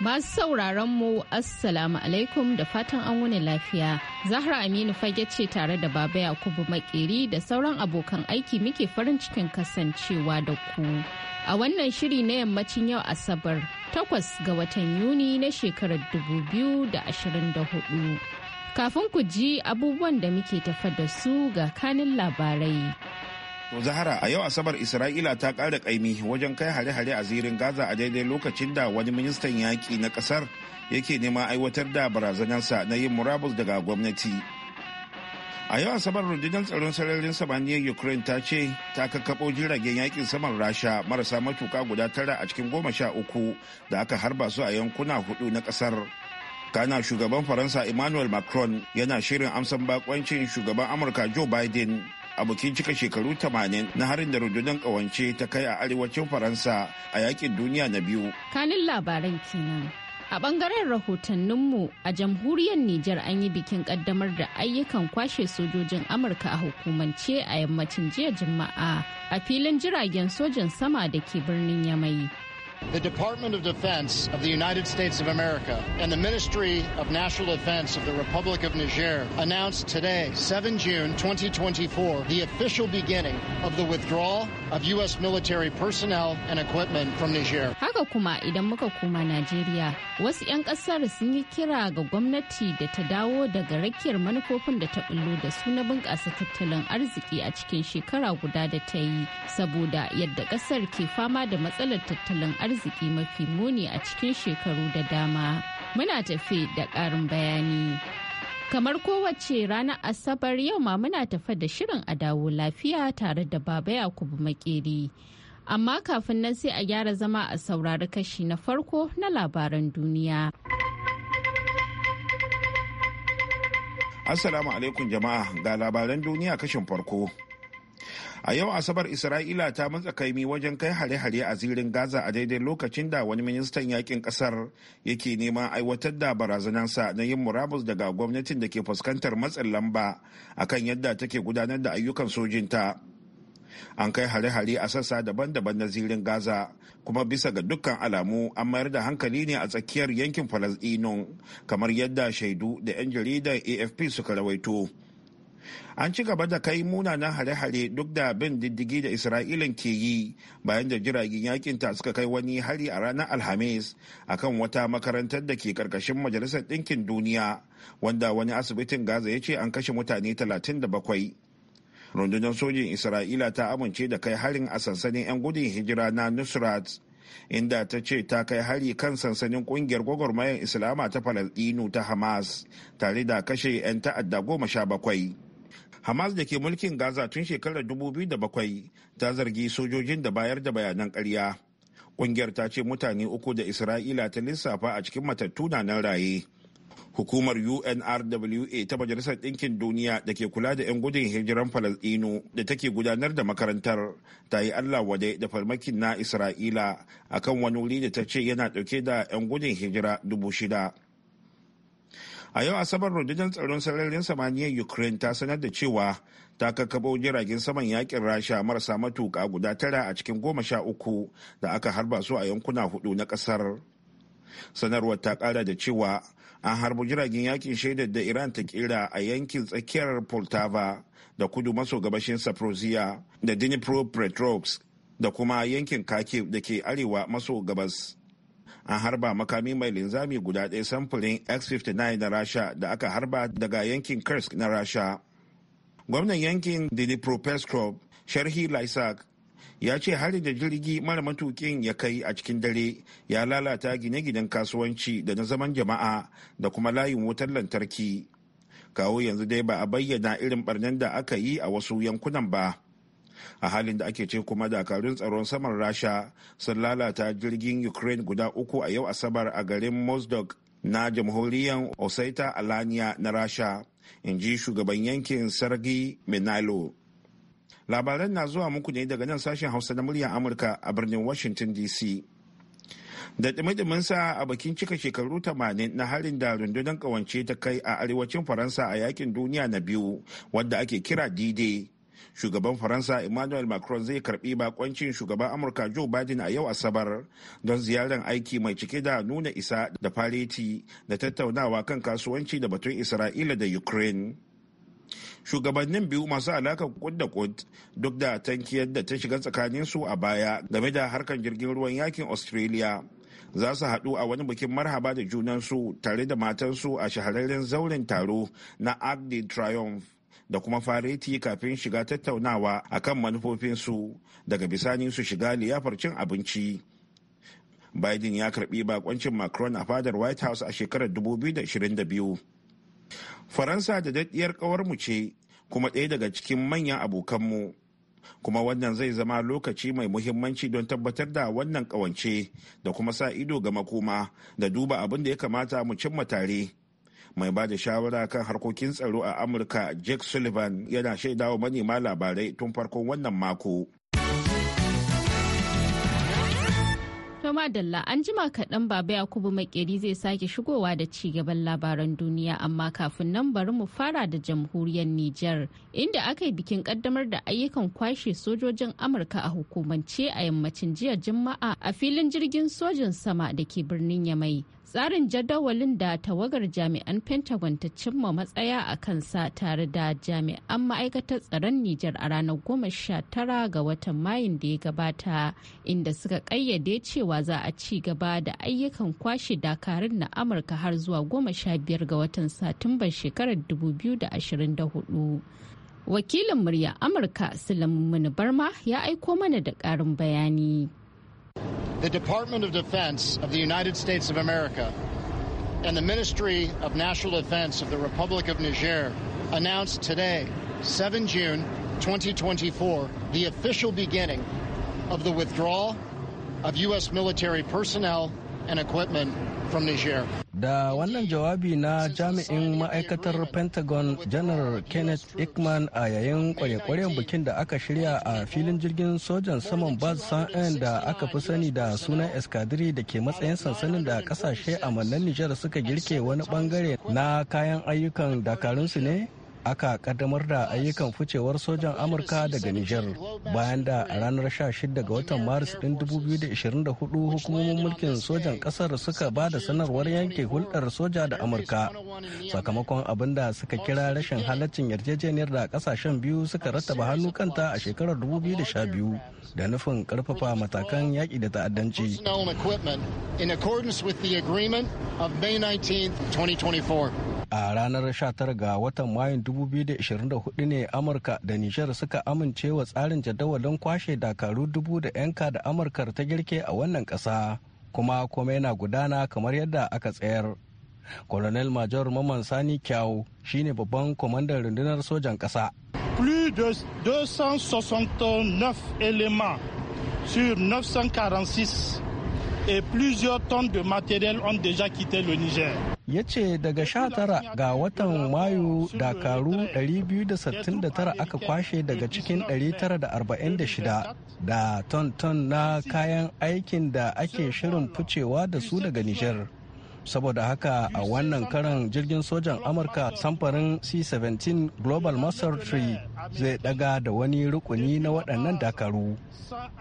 Masu sauraron mu Assalamu alaikum da fatan an wuni lafiya. Zahra Aminu fage ce tare da Baba Yakubu Makeri da sauran abokan aiki muke farin cikin kasancewa da ku. A wannan shiri na yammacin yau Asabar takwas ga watan Yuni na shekarar dubu biyu da da ashirin hudu. Kafin ku ji abubuwan da muke tafa da su ga kanin labarai. to Zahara a yau Asabar Isra'ila ta ƙara ƙaimi wajen kai hare-hare a zirin Gaza a daidai lokacin da wani ministan yaƙi na ƙasar yake neman aiwatar da barazanarsa na yin murabus daga gwamnati. A yau Asabar rundunar tsaron sararin samaniyar Ukraine ta ce ta kakkaɓo jiragen yaƙin saman Rasha marasa matuka guda tara a cikin goma sha uku da aka harba su a yankuna hudu na ƙasar. kana shugaban faransa emmanuel macron yana shirin amsan bakoncin shugaban amurka joe biden a bikin cika shekaru 80 na harin da rundunar kawance ta kai a arewacin faransa a yakin duniya na biyu kanin labaran kenan a bangaren rahotanninmu a jamhuriyar nijar an yi bikin kaddamar da ayyukan kwashe sojojin amurka a hukumance a yammacin jiya juma'a a filin jiragen sojan sama da ke birnin yamai The Department of Defense of the United States of America and the Ministry of National Defense of the Republic of Niger announced today, 7 June 2024, the official beginning of the withdrawal of U.S. military personnel and equipment from Niger. How Haka kuma idan muka koma Najeriya, wasu 'yan kasar sun yi kira ga gwamnati da ta dawo daga rakiyar manufofin da ta bullo da su na bunƙasa tattalin arziki a cikin shekara guda da ta yi, saboda yadda kasar ke fama da matsalar tattalin arziki mafi muni a cikin shekaru da dama. Muna tafe da ƙarin bayani. Kamar kowace ranar Asabar yau ma muna tafi da shirin a dawo lafiya tare da Baba Yakubu Makeri. amma kafin nan sai a gyara zama a saurari kashi na farko na labaran duniya. Assalamu alaikum jama'a ga labaran duniya kashin farko. A yau Asabar Isra'ila ta matsa kaimi wajen kai hare-hare a zirin Gaza a daidai lokacin da wani ministan yakin kasar yake neman aiwatar da barazanansa na yin murabus daga gwamnatin da ke fuskantar matsin lamba akan yadda take gudanar da ayyukan sojinta. an kai hare-hare a sassa daban-daban na zirin gaza kuma bisa ga dukkan alamu an mayar da hankali ne a tsakiyar yankin falasdino kamar yadda shaidu da 'yan jaridar afp suka rawaito an ci gaba da kai munanan hare-hare duk da bin diddigi da isra'ilan ke yi bayan da jiragen yakin ta suka kai wani hari a ranar alhamis akan wata makarantar da ke karkashin majalisar ɗinkin duniya wanda wani asibitin gaza ya ce an kashe mutane 37 rundunar sojin isra'ila ta amince da kai harin a sansanin 'yan gudun hijira na nusrat inda ta ce ta kai hari kan sansanin kungiyar gwagwarmayar islama ta falasdino ta hamas tare da kashe 'yan ta'adda goma sha bakwai hamas da ke mulkin gaza tun shekarar dubu biyu da bakwai ta zargi sojojin da bayar da bayanan karya kungiyar ta ce mutane uku da isra'ila ta lissafa a cikin matattu na nan raye hukumar unrwa ta majalisar ɗinkin duniya da ke kula da 'yan gudun hijiran falasɗinu da take gudanar da makarantar ta yi allah wade da farmakin na isra'ila a kan wani wuri da ta ce yana ɗauke da 'yan gudun hijira dubu shida a yau asabar rundunar tsaron sararin samaniyar ukraine ta sanar da cewa ta kakkabo jiragen saman yakin rasha marasa matuka guda tara a cikin goma sha uku da aka harba su a yankuna hudu na kasar sanarwar ta kara da cewa an harbo jiragen yakin shaidar da iran ta kera a yankin tsakiyar poltava da kudu maso gabashin saprosia da dnipro petrox da kuma yankin kake da ke arewa maso gabas an harba makami mai linzami guda ɗaya samfurin x-59 na rasha da aka harba daga yankin kursk na rasha gwamnan yankin dnipropetrovsk sharhi laisak ya ce hari da jirgi mara matukin ya kai a cikin dare ya lalata gine-ginen kasuwanci da na zaman jama'a da kuma layin wutar lantarki kawo yanzu dai ba a bayyana irin barnan da aka yi a wasu yankunan ba a halin da ake ce kuma dakarun tsaron saman rasha sun lalata jirgin ukraine guda uku a yau asabar a garin mosdok na jamhuriyar osaita alaniya na rasha in ji shugaban yankin sargi minalo labaran na zuwa muku ne daga nan sashen hausa na muryar amurka a birnin washington dc da ɗume sa a bakin cika shekaru 80 na harin da rundunar kawance ta kai a arewacin faransa a yakin duniya na biyu wadda ake kira d-day shugaban faransa emmanuel macron zai karbi bakoncin shugaban amurka joe biden a yau asabar don ziyarar aiki mai cike da nuna isa da fareti da tattaunawa kan kasuwanci da batun isra'ila da ukraine shugabannin biyu masu alaka kud da kud duk da tankiyar da ta shiga tsakanin su a baya game da harkar jirgin ruwan yakin australia za su haɗu a wani bikin marhaba da junansu tare da matansu a shahararren zauren taro na arc de triomphe da kuma fareti kafin shiga tattaunawa a akan manufofinsu daga bisani su shiga liyafar cin abinci biden ya karbi bakoncin macron a fadar white house a shekarar 2022 faransa da daddiyar ƙawarmu ce kuma ɗaya daga cikin manyan abokanmu kuma wannan zai zama lokaci mai muhimmanci don tabbatar da wannan ƙawance da kuma sa ido ga makoma da duba abin da ya kamata mu cimma tare mai ba da shawara kan harkokin tsaro a amurka jake sullivan yana shaidawa manema labarai tun farkon wannan mako To dalla an jima kaɗan Baba Yakubu Makeri zai sake shigowa da ci gaban labaran duniya amma kafin nan bari mu fara da jamhuriyar Nijar inda aka yi bikin kaddamar da ayyukan kwashe sojojin Amurka a hukumance a yammacin jiya Juma'a a filin jirgin sojin sama da ke birnin Yamai. tsarin jadawalin da tawagar jami'an pentagon ta cimma matsaya a kansa tare da jami'an ma'aikatar tsaron nijar a ranar goma sha tara ga watan mayun da ya gabata inda suka kayyade cewa za a ci gaba da ayyukan kwashe dakarun na amurka har zuwa goma sha biyar ga watan satumbar shekarar 2024 wakilin murya amurka sulaiman barma ya aiko mana da ƙarin bayani The Department of Defense of the United States of America and the Ministry of National Defense of the Republic of Niger announced today, 7 June 2024, the official beginning of the withdrawal of U.S. military personnel and equipment from Niger. da wannan jawabi na jami'in ma'aikatar pentagon general kenneth Ickman a yayin kwarekwaren bikin da aka shirya a filin jirgin sojan saman baz sa'en da aka fi sani da sunan eskadiri da ke matsayin sansanin da kasashe a mannan nijar suka girke wani bangare na kayan ayyukan dakarunsu ne aka kaddamar da ayyukan ficewar sojan amurka daga Niger bayan da a ranar 16 ga watan maris ɗin 2024 hukumomin mulkin sojan kasar suka ba da sanarwar yanke hulɗar soja da amurka sakamakon abin da suka kira rashin halaccin yarjejeniyar da kasashen biyu suka rattaba hannu kanta a shekarar 2012 da nufin karfafa matakan yaƙi da ta'addanci in accordance with the agreement of May 19, 2024. a ranar 19 ga watan mayun 2024 ne amurka da nijar suka amince wa tsarin jadawalin kwashe dakaru dubu da yanka da amurkar ta girke a wannan ƙasa kuma kuma yana gudana kamar yadda aka tsayar colonel major maman sani kyau shine babban kwamandan rundunar sojan ƙasa plus 269 elements sur 946 et plusieurs tonnes de matériel ont déjà quitté le Niger. ya ce daga tara ga watan mayu dakaru 269 aka kwashe daga cikin 946 da ton-ton na kayan aikin da ake shirin ficewa da su daga nijar saboda haka a wannan karan jirgin sojan amurka samfarin c-17 global tree zai daga da wani rukuni na waɗannan dakaru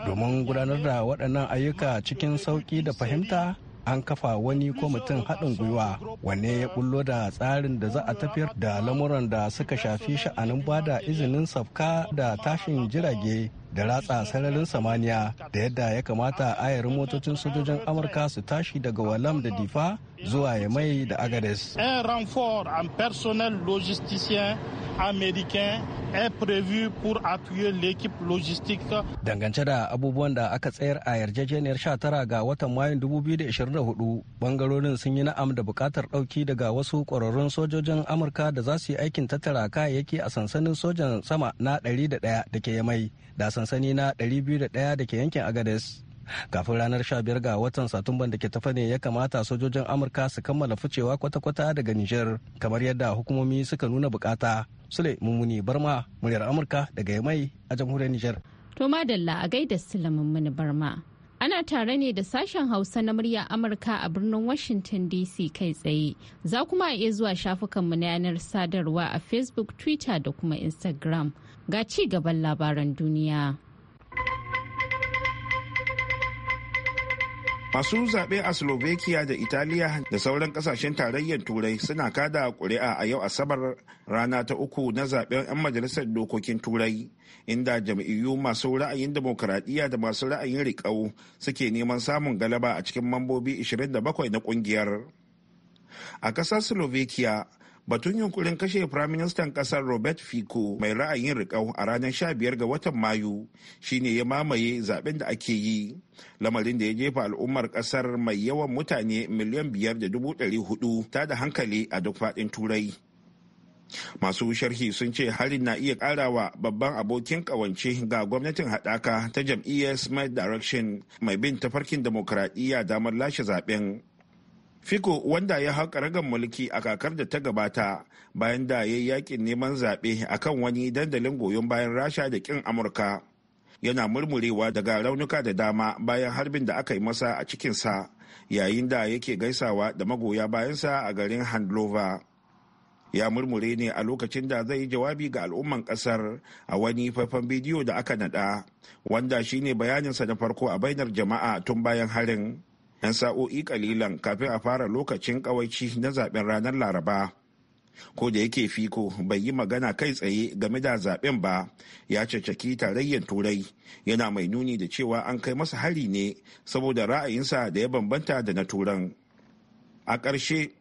domin gudanar da waɗannan ayyuka cikin sauƙi da fahimta an kafa wani kwamitin haɗin gwiwa wanne ya bullo da tsarin da za a tafiyar da lamuran da suka shafi sha'anin bada izinin safka da tashin jirage da ratsa sararin samaniya da yadda ya kamata ayarin motocin sojojin amurka su tashi daga walam da difa zuwa ya mai da agades pour l'équipe dangance da abubuwan da aka tsayar a yarjejeniyar 19 ga watan mayun 2024 bangarorin sun yi na'am da bukatar dauki daga wasu kwararrun sojojin amurka da za su yi aikin tattara kayayyaki a sansanin sojan sama na 101 da ke yamai da sansani na 201 da ke yankin agades kafin ranar 15 ga watan satumban da ke tafa ne ya kamata sojojin amurka su kammala ficewa kwata-kwata daga niger kamar yadda hukumomi suka nuna bukata sule mummuni barma muryar amurka daga yamai a jamhuriyar niger to madalla a gaida silamin mini barma Ana tare ne da sashen Hausa na murya Amurka a birnin Washington DC kai tsaye. Za kuma a iya zuwa shafukanmu na yanar sadarwa a Facebook, Twitter da kuma Instagram. Ga ci gaban labaran duniya. masu zaɓe a slovakia da italiya da sauran ƙasashen tarayyar turai suna kada ƙuri'a a yau asabar rana ta uku na zaɓen 'yan majalisar dokokin turai inda jam'iyyu masu ra'ayin demokuraɗiyya da masu ra'ayin riƙau suke neman samun galaba a cikin mambobi 27 na ƙungiyar a ƙasar slovakia batun yunkurin kashe firaministan kasar robert fico mai ra'ayin riƙau a ranar 15 ga watan mayu shine ya mamaye zaben da ake yi lamarin da ya jefa al'ummar kasar mai yawan mutane miliyan biyar da dubu ɗari hudu ta da hankali a duk faɗin turai masu sharhi sun ce harin na iya karawa babban abokin kawance ga gwamnatin haɗaka ta jam'iyyar smart direction mai bin tafarkin demokradiyya damar lashe zaben fiko wanda ya haƙa ragan mulki a kakar da ta gabata bayan da ya yi yakin neman zaɓe a kan wani dandalin goyon bayan rasha da ƙin Amurka. Yana murmurewa daga raunuka da dama bayan harbin da aka yi masa a cikinsa yayin da yake gaisawa da magoya bayansa a garin Handlova. Ya murmure ne a lokacin da zai yi jawabi ga al'umman ƙasar a wani faifan bidiyo da aka naɗa, wanda shine bayaninsa na farko a bainar jama'a tun bayan harin. 'yan sa'o'i kalilan kafin a fara lokacin kawaici na zaben ranar laraba ko da yake fiko bai yi magana kai tsaye game da zaben ba ya caccaki tarayyar turai yana mai nuni da cewa an kai masa hari ne saboda ra'ayinsa da ya bambanta da na turan a ƙarshe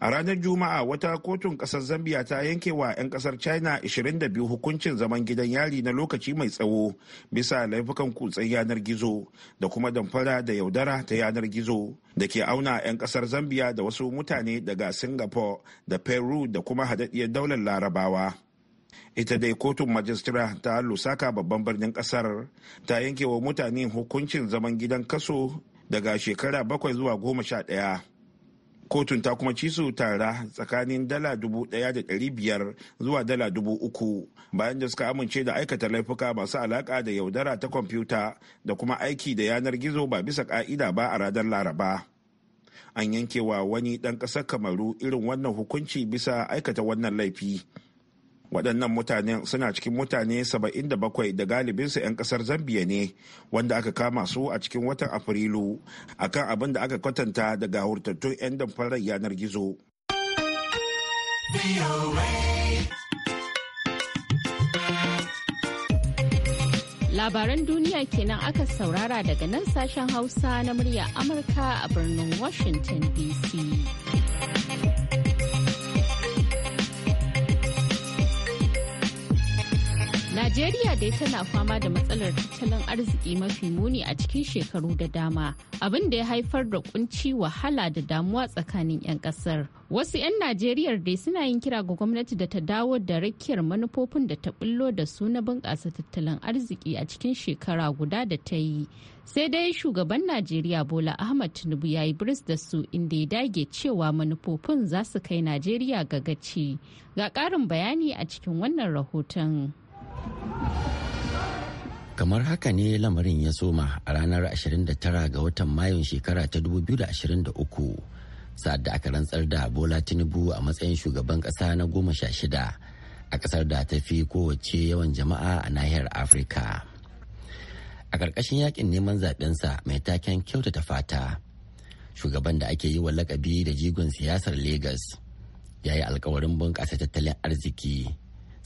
a ranar juma'a wata kotun kasar zambia ta yanke wa 'yan kasar china 22 hukuncin zaman gidan yari na lokaci mai tsawo bisa laifukan kutsen yanar gizo da kuma damfara da yaudara ta yanar gizo da ke auna 'yan kasar zambia da wasu mutane daga singapore da peru da kuma hadaddiyar daular larabawa ita dai kotun majistira ta lusaka babban birnin kasar ta yanke wa mutane hukuncin zaman gidan kaso daga shekara bakwai zuwa goma sha ɗaya kotun ta kuma ci su tara tsakanin dala dubu daya da dari biyar zuwa dala dubu uku bayan da suka amince da aikata laifuka masu alaka da yaudara ta kwamfuta da kuma aiki da yanar gizo ba bisa ka'ida ba a radar laraba an yankewa wani ɗan ƙasar kamaru irin wannan hukunci bisa aikata wannan laifi waɗannan mutanen suna cikin mutane 77 da galibinsu 'yan ƙasar Zambia ne wanda aka kama su a cikin watan afrilu akan abin da aka kwatanta daga hurtattun 'yan damfarar yanar gizo labaran duniya kenan aka saurara daga nan sashen hausa na murya amurka a birnin washington dc Najeriya dai tana fama da matsalar tattalin arziki mafi muni a cikin shekaru da dama, abin da ya haifar da kunci wahala da damuwa tsakanin 'yan kasar. Wasu 'yan Najeriya dai suna yin kira ga gwamnati da ta dawo da rakiyar manufofin da ta bullo da su na bunƙasa tattalin arziki a cikin shekara guda da ta yi. Sai dai shugaban Najeriya Bola Ahmad Tinubu ya yi biris da su inda ya dage cewa manufofin za su kai Najeriya ga gaci. Ga ƙarin bayani a cikin wannan rahoton. kamar haka ne lamarin ya soma a ranar 29 ga watan mayun shekara ta 2023 sa'ad da aka rantsar da bola tinubu a matsayin shugaban kasa na goma sha shida a kasar da ta fi kowace yawan jama'a a nahiyar afirka a ƙarƙashin yakin neman zaɓensa mai taken kyautata fata shugaban da ake yi wa lakabi da jigon siyasar Legas ya yi alkawarin bunƙasa tattalin arziki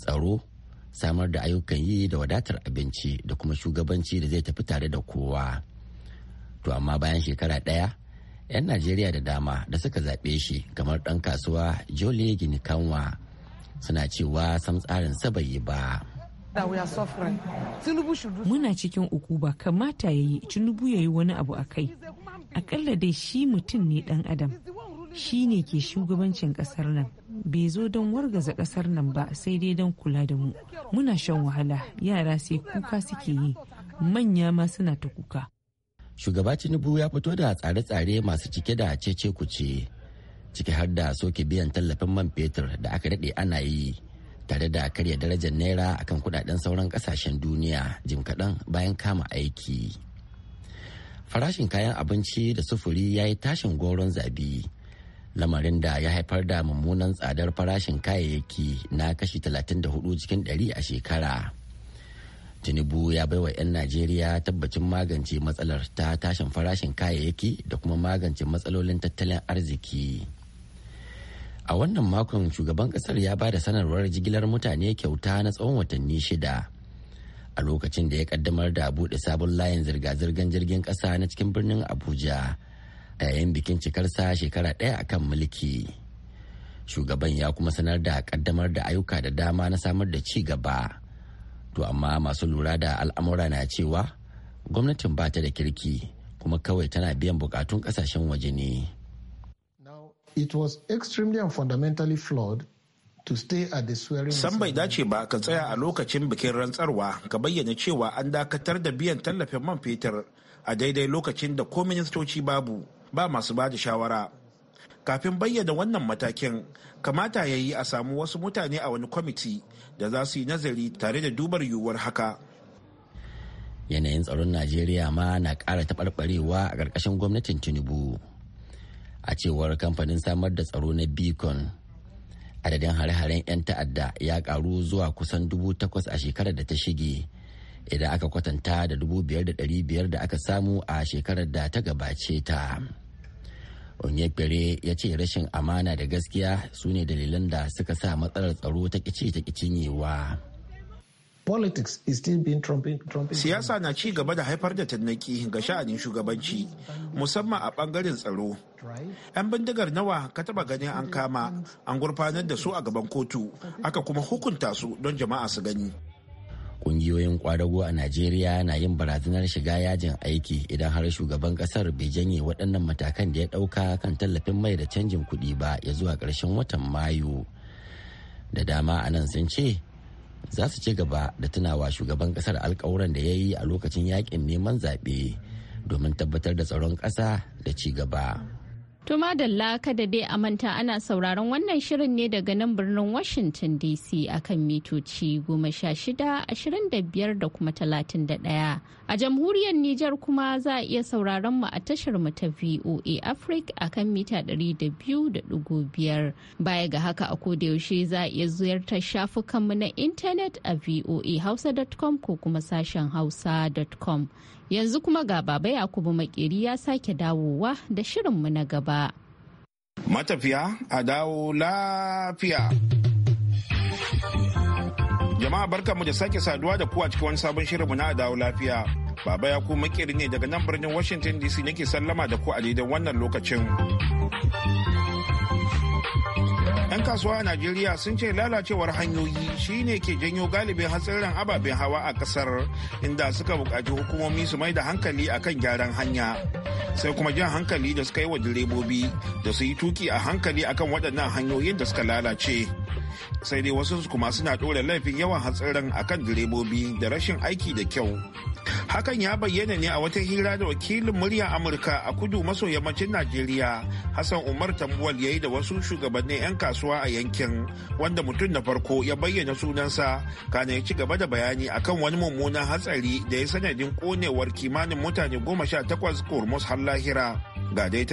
tsaro samar da ayyukan yi da wadatar abinci da kuma shugabanci da zai tafi tare da kowa to amma bayan shekara ɗaya 'yan najeriya da dama da suka zaɓe shi kamar ɗan kasuwa jole ginikanwa suna cewa sam tsarin bai yi ba muna cikin uku ba kamata ya yi tinubu ya yi wani abu a kai akalla dai shi mutum ne ɗan adam shi ne ke shugabancin kasar nan bai zo don wargaza kasar nan ba sai dai don kula da mu muna shan wahala yara sai kuka suke yi manya ma suna ta kuka shugaba tinubu ya fito da tsare-tsare masu cike da cece ce ciki har da soke biyan tallafin man fetur da aka daɗe ana yi tare da karya darajar naira akan kudaden sauran kasashen duniya jim kaɗan bayan kama aiki farashin kayan abinci da sufuri ya yi tashin goron zabi lamarin da ya haifar da mummunan tsadar farashin kayayyaki na kashi 34 cikin 100 a shekara tinubu ya baiwa 'yan najeriya tabbacin magance matsalar ta tashin farashin kayayyaki da kuma magance matsalolin tattalin arziki a wannan makon shugaban kasar ya ba da sanarwar jigilar mutane kyauta na tsawon watanni shida a lokacin da ya kaddamar da buɗe sabon layin zirga-zirgar jirgin ƙasa na cikin birnin abuja yayin bikin cikarsa shekara ɗaya a kan mulki shugaban ya kuma sanar da kaddamar da ayyuka da dama na samar da ci gaba to amma masu lura da al'amura na cewa gwamnatin ba ta da kirki kuma kawai tana biyan bukatun kasashen waje ne San bai dace ba ka tsaya a lokacin bikin rantsarwa ka bayyana cewa an dakatar da biyan tallafin man fetur a daidai lokacin da ko ministoci babu ba masu ba da shawara kafin bayyana wannan matakin kamata ya yi a samu wasu mutane a wani kwamiti da za su yi nazari tare da dubar yiwuwar haka yanayin tsaron najeriya ma na ƙara taɓarɓarewa a ƙarƙashin gwamnatin tinubu a cewar kamfanin samar da tsaro na beacon adadin hare-haren 'yan ta'adda ya ƙaru zuwa kusan dubu takwas a shekarar da ta shige idan aka kwatanta da dubu biyar da ɗari biyar da aka samu a shekarar da ta gabace ta. onyekpere ya ce rashin amana da gaskiya su ne dalilan da suka sa matsalar tsaro ta kici ta kicinyewa siyasa na ci gaba da haifar da tannaki ga sha'anin shugabanci musamman a bangaren tsaro 'yan bindigar nawa ka taba ganin an kama an gurfanar da su a gaban kotu aka kuma hukunta su don jama'a su gani kungiyoyin kwadago a najeriya na yin barazanar shiga yajin aiki idan har shugaban kasar bai janye waɗannan matakan da ya ɗauka kan tallafin mai da canjin kuɗi ba ya zuwa ƙarshen watan mayu da dama a nan sun ce za su ci gaba da tunawa shugaban kasar alkawuran da ya yi a lokacin yaƙin neman zaɓe domin tabbatar da tsaron ƙasa da ci gaba. To madalla kada dai a manta ana sauraron wannan shirin ne daga nan birnin Washington DC akan mitoci goma sha shida ashirin da biyar da kuma talatin da ɗaya. A jamhuriyar Nijar kuma za a iya sauraron mu a tashar mu ta VOA Africa akan mita ɗari da biyu da ɗigo biyar. Baya ga haka a koda yaushe za a iya ziyartar shafukanmu na intanet a voahausa.com ko kuma sashen hausa.com. Yanzu kuma ga Baba Yakubu Makeri ya sake dawowa da shirinmu na gaba. Matafiya a dawo lafiya. Jama'a barkanmu da sake saduwa da kuwa cikin wani sabon shirinmu na dawo lafiya. Baba yakubu makeri ne daga nan birnin Washington DC nake sallama da ku a daidai wannan lokacin. 'Yan kasuwa a Najeriya sun ce lalacewar hanyoyi shine ke janyo galibin hatsarin ababen hawa a kasar inda suka buƙaci hukumomi su mai da hankali kan gyaran hanya. Sai kuma jan hankali da suka yi wa direbobi da su yi tuki a hankali akan waɗannan hanyoyin da suka lalace. sai dai wasu kuma suna ɗora laifin yawan hatsarin akan direbobi da rashin aiki da kyau hakan ya bayyana ne a wata hira da wakilin murya amurka a kudu maso yammacin najeriya hassan umar tambuwal ya yi da wasu shugabannin 'yan kasuwa a yankin wanda mutum na farko ya bayyana sunansa kana ya ci gaba da bayani akan wani mummunan hatsari da ya sanadin konewar kimanin mutane goma sha takwas kurmus har lahira ga dai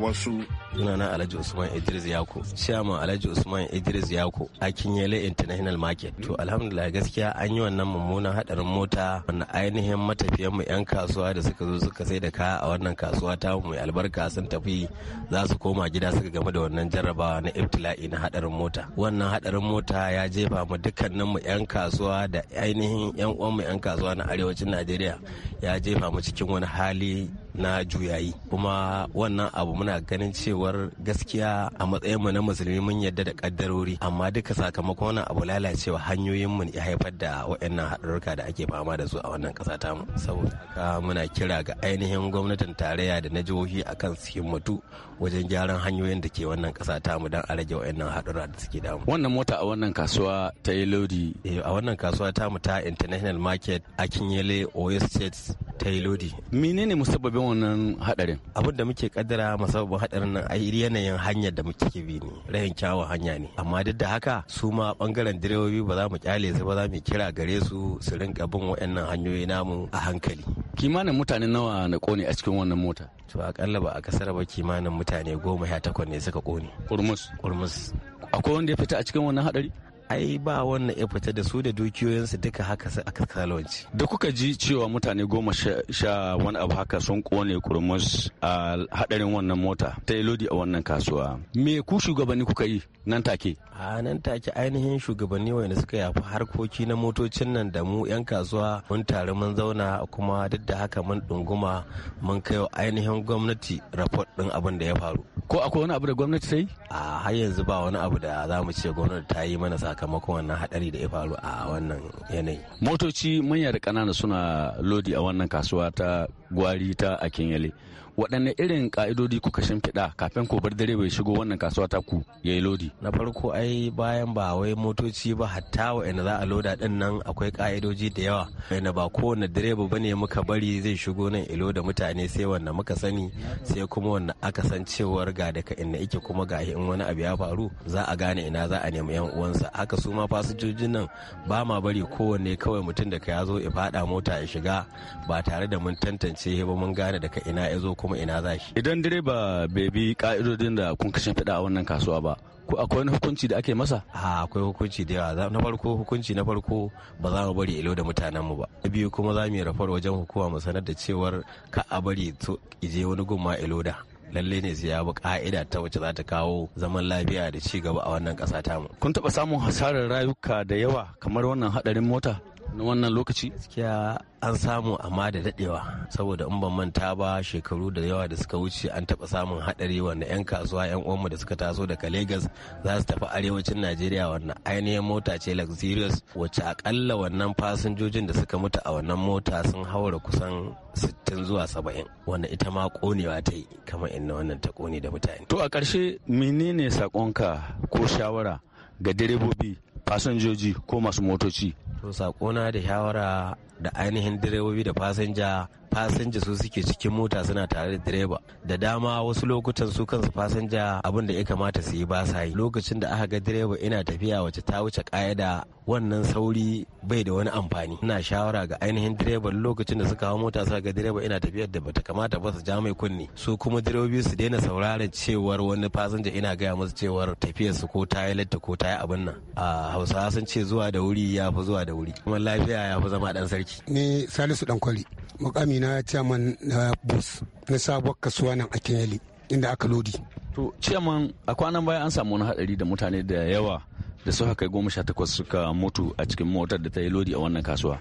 wasu. sunana alhaji usman idris yako shama alhaji usman idris yako a kinyele international market to alhamdulillah gaskiya an yi wannan mummunan hadarin mota wanda ainihin matafiyan mu yan kasuwa da suka zo suka sai da kaya a wannan kasuwa ta mu mai albarka sun tafi za su koma gida suka game da wannan jarrabawa na ibtila'i na hadarin mota wannan hadarin mota ya jefa mu dukkanin mu yan kasuwa da ainihin yan uwan mu yan kasuwa na arewacin najeriya ya jefa mu cikin wani hali na juyayi kuma wannan abu muna ganin cewar gaskiya a matsayin mu na musulmi mun yadda da kaddarori amma duka sakamakon wannan abu lalacewa hanyoyin mu ya haifar da waɗannan haɗarurruka da ake fama da su a wannan ƙasa ta mu saboda haka muna kira ga ainihin gwamnatin tarayya da na jihohi akan su himmatu wajen gyaran hanyoyin da ke wannan ƙasa ta mu don a rage waɗannan haɗurra da suke damu wannan mota a wannan kasuwa ta yi lodi eh, a wannan kasuwa ta mu ta international market akin yele oyo state ta yi lodi menene musabbabin wannan hadarin abin da muke kaddara masababin hadarin nan ai yanayin hanyar da muke bi ne rayin kyawun hanya ne amma duk da haka su ma bangaren direbobi ba za mu kyale su ba za mu kira gare su su rinka bin waɗannan hanyoyi namu a hankali kimanin mutane nawa na kone a cikin wannan mota to akalla ba a kasar ba kimanin mutane goma sha takwas ne suka kone kurmus kurmus akwai wanda ya fita a cikin wannan hadari ai ba wannan ya fita da su da dukiyoyinsu duka haka sai aka kalawanci da kuka ji cewa mutane goma sha wani abu haka sun kone kurmus a hadarin wannan mota ta lodi a wannan kasuwa me ku shugabanni kuka yi nan take a nan take ainihin shugabanni wanda suka yafi harkoki na motocin nan da mu yan kasuwa mun tare mun zauna kuma duk da haka mun dunguma mun kai wa ainihin gwamnati rapot din abin da ya faru ko akwai wani abu da gwamnati ta yi a har yanzu ba wani abu da za mu ce gwamnati ta yi mana sakamakon wannan hadari da ya faru a wannan yanayi motoci manya da ƙanana suna lodi a wannan kasuwa ta gwari ta akinyale waɗanne irin ka'idodi kuka shimfiɗa kafin ku bar dare bai shigo wannan kasuwa ta ku ya yi lodi na farko ai bayan ba wai motoci ba hatta wa ina za a loda din nan akwai ka'idoji da yawa ina ba kowane direba ba ne muka bari zai shigo nan ilo da mutane sai wanda muka sani sai kuma wanda aka san cewar ga daga ina ike kuma ga in wani abu ya faru za a gane ina za a nemi yan uwansa haka su ma fasinjojin nan ba ma bari kowanne kawai mutum da ka ya zo ya faɗa mota ya shiga ba tare da mun tantance ba mun gane daga ina ya zo kuma ina za shi idan direba bai bi ka'idodin da kun kashin fida a wannan kasuwa ba ko akwai wani hukunci da ake masa ha akwai hukunci da yawa na farko hukunci na farko ba za mu bari ilo da mutanen mu ba na biyu kuma za mu yi rafar wajen hukuma mu sanar da cewar ka a bari to ije wani gumma ilo da lalle ne sai ya ka'ida ta wacce za ta kawo zaman lafiya da ci gaba a wannan kasa tamu. Kun taɓa samun hasarar rayuka da yawa kamar wannan hadarin mota? na wannan lokaci? Gaskiya an samu amma da daɗewa saboda in ban manta ba shekaru da yawa da suka wuce an taba samun hadari wanda yan kasuwa yan uwanmu da suka taso daga Lagos za su tafi arewacin Najeriya wannan ainihin mota ce Luxurious wacce akalla wannan fasinjojin da suka mutu a wannan mota sun haura kusan 60 zuwa 70 wanda ita ma konewa ta yi kamar inna wannan ta kone da mutane. To a ƙarshe menene sakonka ko shawara ga direbobi fasinjoji ko masu motoci to sakona da shawara da ainihin direbobi da fasinja fasinja su suke cikin mota suna tare da direba da dama wasu lokutan su kansu fasinja abin da ya kamata su yi ba sa yi lokacin da aka ga direba ina tafiya wace ta wuce ka'ida wannan sauri bai da wani amfani ina shawara ga ainihin direba lokacin da suka hau mota suka ga direba ina tafiyar da bata kamata ba su ja mai kunni su kuma direbobi su daina sauraron cewar wani fasinja ina gaya musu cewar tafiyar su ko ta yi ko ta yi abin nan a hausawa sun ce zuwa da wuri ya fi zuwa da wuri kuma lafiya ya fi zama dan sarki aiki ni salisu Dankwali. mukami na chairman na bus na sabuwar kasuwa nan a kenyali inda aka lodi to chairman a kwanan baya an samu wani hadari da mutane da yawa da suka kai goma sha takwas suka mutu a cikin motar da ta yi lodi a wannan kasuwa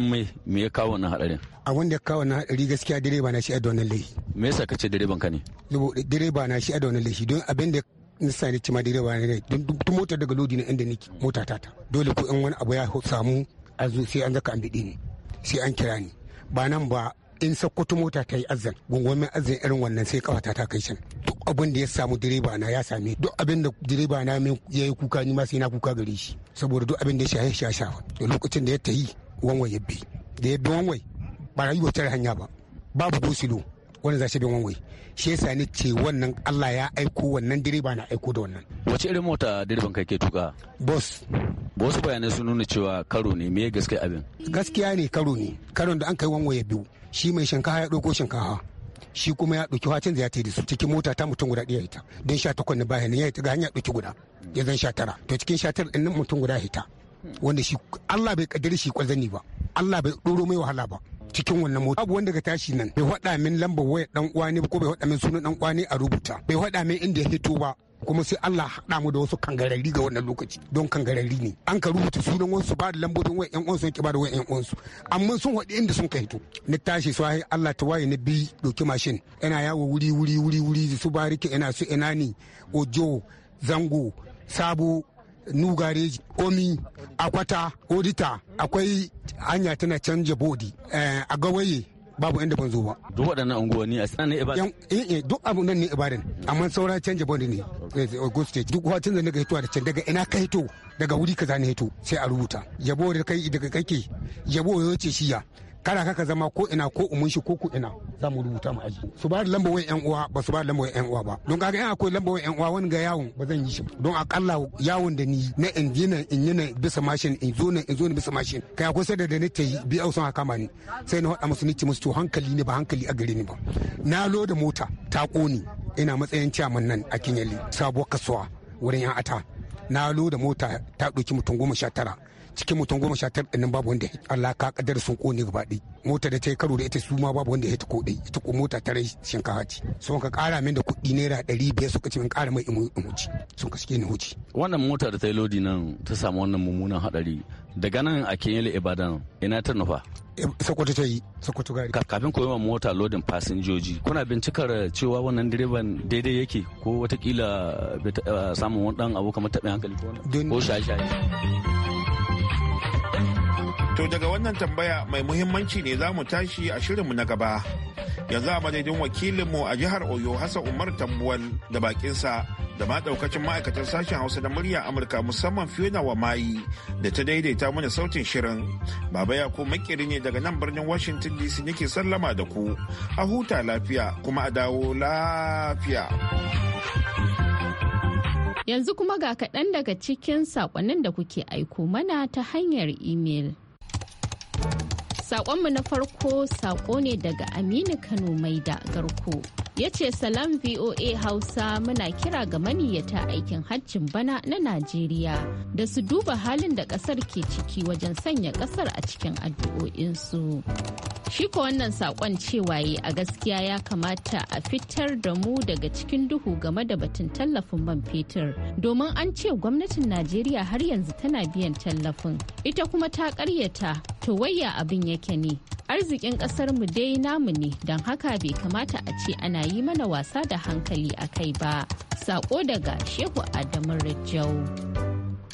mai me ya kawo wannan hadarin A wanda ya kawo wannan hadari gaskiya direba na shi a wannan laifi me yasa kace direban ka ne direba na shi a wannan laifi don abin da nisa ne cima direba ne don duk motar daga lodi na inda nake mota ta ta dole ko in wani abu ya samu a zo sai an zaka an biɗi ni sai an kira ni ba nan ba in sakkwato mota ta yi azan gungumin azan irin wannan sai kafata ta kai shan duk abin da ya samu direba na ya same duk abin da direba na ya yi kuka ni ma sai na kuka gare shi saboda duk abin da ya shaye shi ya da lokacin da ya ta yi wanwai ya bi da ya bi wanwai ba rayuwa tare hanya ba babu dosilo wani zashi bin wanwai shi yasa ni ce wannan Allah ya aiko wannan direba na aiko da wannan wace irin mota direban kai ke tuka bus wasu bayanai sun nuna cewa karo ne me gaskiya abin gaskiya ne karo ne karon da an kai wanwaye biyu shi mai shinkafa ya ɗauko shinkafa shi kuma ya ɗauki wacin da ya ta da su cikin mota ta mutum guda ɗaya ita don sha takwas na bayan ya ta hanya ɗauki guda ya zan sha tara to cikin sha tara ɗin mutum guda hita wanda shi Allah bai kaddare shi kwazani ba Allah bai ɗoro mai wahala ba cikin wannan mota abu wanda ga tashi nan bai faɗa min lambar wayar dan uwa ne ko bai faɗa min sunan dan uwa ne a rubuta bai faɗa min inda ya hito ba kuma sai Allah haɗa mu da wasu kangararri ga wannan lokaci don kangararri ne an ka rubuta sunan wasu ba da lambobin wayan uwansu yake ba da wayan uwansu amma sun haɗe inda sun kai to ni tashi su ai Allah ta waye ni bi doki mashin ina yawo wuri wuri wuri wuri su barike ina su ina ni ojo zango sabo nugareji omi akwata odita akwai hanya tana canja bodi eh, a gawaye babu inda ban zo ba duk waɗannan unguwanni a sanan ibadan eh eh duk abu nan ne ibadan amma saura canja bondi ne eh, eh, goste duk wacin da daga hitowa da can daga ina ka hito daga wuri kaza ne hito sai a rubuta yabo da kai daga kake yabo ya wuce shiya kana kaka zama ko ina ko umunshi ko ku ina za mu rubuta mu aji su ba da lambar yan uwa ba su ba da lambar yan uwa ba don kaga in akwai lambar wayan yan uwa wani ga yawon ba zan yi shi don akalla yawon da ni na in je in yi na bisa mashin in zo na in zo na bisa mashin kai akwai sai da ni ta yi bi ausun haka ma ni sai na faɗa musu ni ce musu to hankali ne ba hankali a gare ni ba na loda mota ta ƙoni ina matsayin ciyaman nan a kinyali sabuwar kasuwa wurin yan ata na loda mota ta ɗauki mutum goma sha tara cikin mutum goma sha tara ɗinnan babu wanda Allah ka kaddara sun kone gaba ɗai mota da ta yi karo da ita su ma babu wanda ya ta ko ɗai ita ko mota rai shinkafa ce sun ka ƙara min da kuɗi naira ɗari biyar suka ce in ƙara mai in huci sun ka suke ni huci. wannan mota da ta yi lodi nan ta samu wannan mummunan haɗari daga nan a kenyele ibadan ina ta nufa eh, sokoto ta yi sokoto gari kafin ko yawan mota lodin fasinjoji kuna bincikar cewa wannan direban daidai yake ko watakila eh, samun wani dan abu kamar taɓin hankali ko shaye-shaye To daga wannan tambaya mai muhimmanci ne za mu tashi a shirinmu na gaba. Yanzu a madadin wakilinmu a jihar Oyo Hassan Umar Tambuwal da bakinsa da ma daukacin ma'aikatan sashen Hausa da murya Amurka musamman Fiona wa mayi da ta daidaita mana sautin shirin. Baba ya Yako makiri ne daga nan birnin Washington DC nake sallama da ku. A huta lafiya kuma a dawo lafiya. Yanzu kuma ga kaɗan daga cikin saƙonnin da kuke aiko mana ta hanyar imel. Sakonmu na farko sako ne daga Aminu Kano mai Garko. Ya ce salam VOA Hausa muna kira ga maniyyata aikin hajjin bana na Najeriya da su duba halin da ƙasar ke ciki wajen sanya ƙasar a cikin addu'o'insu. Shi ko wannan sakon cewa yi a gaskiya ya kamata a fitar da mu daga cikin duhu game da batun tallafin man fetur domin an ce gwamnatin Najeriya har yanzu tana biyan tallafin ita kuma ta ƙaryata to wayya abin ya yake ne arzikin mu dai namu ne don haka bai kamata a ce ana yi mana wasa da hankali a kai ba sako daga shehu adamu rajau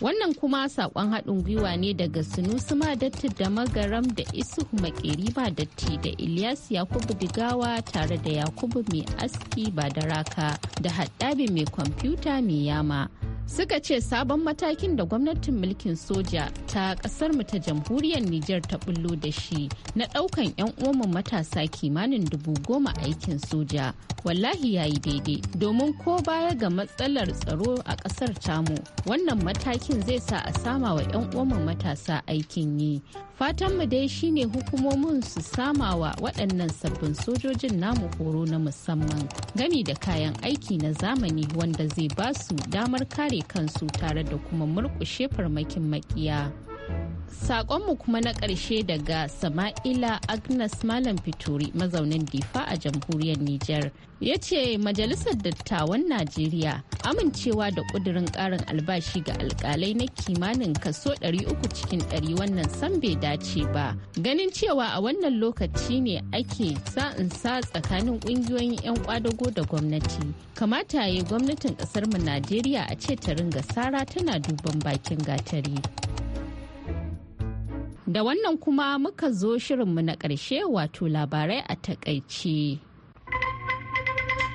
wannan kuma sakon haɗin gwiwa ne daga sunusu datti da magaram da isuhu makeri ba datti da ilyas yakubu digawa tare da yakubu mai aski ba da raka da haɗabi mai kwamfuta mai yama suka ce sabon matakin da gwamnatin mulkin soja ta kasar ta jamhuriyar Nijar ta bullo da shi na daukan 'yan uwanmu matasa kimanin dubu goma aikin soja wallahi ya yi daidai domin ko baya ga matsalar tsaro a kasar tamu wannan matakin zai sa a sama wa 'yan uwanmu matasa aikin yi fatanmu dai shine hukumomin su sama wa waɗannan sabbin sojojin namu horo na musamman gami da kayan aiki na zamani wanda zai basu damar kada kare kansu tare da kuma murƙushe farmakin maƙiya. Sakonmu kuma na ƙarshe daga Sama'ila Agnes Malam Fituri mazaunin Difa a jamhuriyar Nijar ya ce Majalisar Dattawan Najeriya amincewa da ƙudurin ƙarin albashi ga alƙalai na kimanin kaso 300 cikin 100 wannan san bai dace ba. Ganin cewa a wannan lokaci ne ake sa tsakanin ƙungiyoyin 'yan kwadago da gwamnati. Kamata ya yi gwamnatin ƙasarmu Najeriya a ce ta ringa sara tana duban bakin gatari. Da wannan kuma muka zo shirinmu na ƙarshe wato labarai a takaice.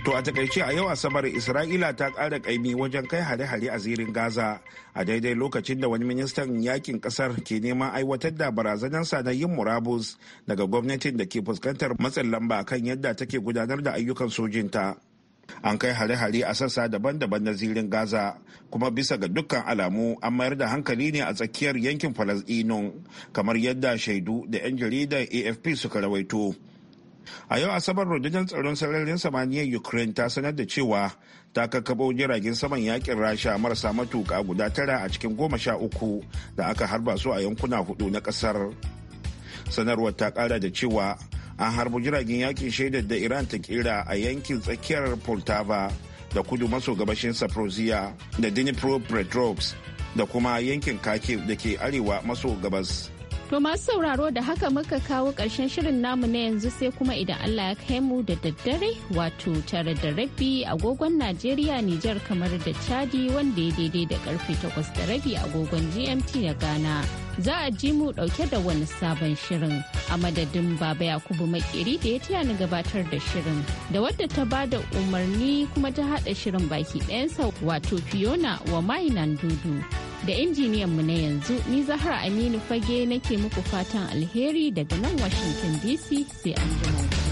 To a takaice a yau Asabar Isra'ila ta ƙara ƙaimi wajen kai hare-hare a zirin Gaza a daidai lokacin da wani ministan yakin ƙasar ke neman aiwatar da barazanar na yin murabus daga gwamnatin da ke fuskantar matsin lamba kan yadda take gudanar da ayyukan sojinta. an kai hare-hare a sassa daban-daban na zirin gaza kuma bisa ga dukkan alamu an mayar da hankali ne a tsakiyar yankin falasɗinu kamar yadda shaidu da 'yan jaridar afp suka rawaito a yau asabar rundunar tsaron sararin samaniyar ukraine ta sanar da cewa ta kakkabo jiragen saman yakin rasha marasa matuka guda tara a cikin goma sha uku da aka harba su a yankuna hudu na kasar sanarwar ta kara da cewa an harbo jiragen yakin shaidar da iran ta kera a yankin tsakiyar poltava da kudu maso gabashin saprosia da dnipro da kuma yankin kake da ke arewa maso gabas to masu sauraro da haka muka kawo ƙarshen shirin namu na yanzu sai kuma idan allah ya kai mu da daddare wato tare da rabi agogon najeriya nijar kamar da chadi wanda ya daidai da karfe 8 da rabi agogon gmt da ghana za a ji mu dauke da wani sabon shirin a madadin baba yakubu makeri da ya taya ni gabatar da shirin da wadda ta ba da umarni kuma ta hada shirin baki ɗayansa wato fiona wa mainan dudu da injiniyan mu na yanzu ni zahra aminu fage nake muku fatan alheri daga nan washington dc sai an jima.